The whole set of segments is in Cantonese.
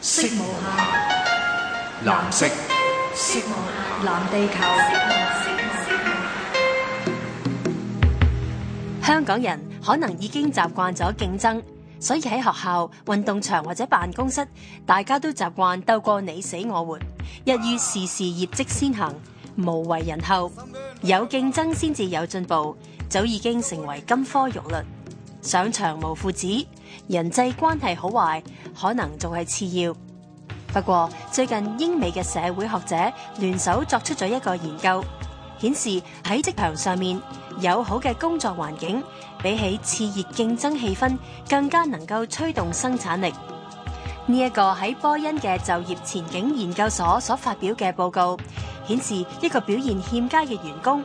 色無限，藍色。色無限，藍地球。香港人可能已經習慣咗競爭，所以喺學校、運動場或者辦公室，大家都習慣鬥過你死我活，一遇事事業績先行，無為人後，有競爭先至有進步，早已經成為金科玉律。上場無父子，人際關係好壞可能仲係次要。不過最近英美嘅社會學者聯手作出咗一個研究，顯示喺職場上面，友好嘅工作環境比起熾熱競爭氣氛，更加能夠推動生產力。呢、這、一個喺波恩嘅就業前景研究所所發表嘅報告，顯示一個表現欠佳嘅員工，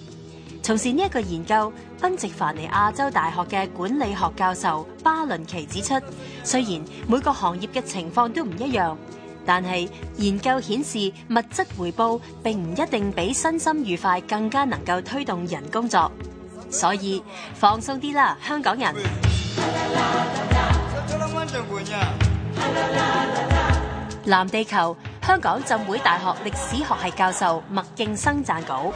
從事呢一個研究，賓夕凡尼亞州大學嘅管理學教授巴倫奇指出，雖然每個行業嘅情況都唔一樣，但係研究顯示物質回報並唔一定比身心愉快更加能夠推動人工作，所以放鬆啲啦，香港人。藍 地球。香港浸會大學歷史學系教授麥勁生撰稿。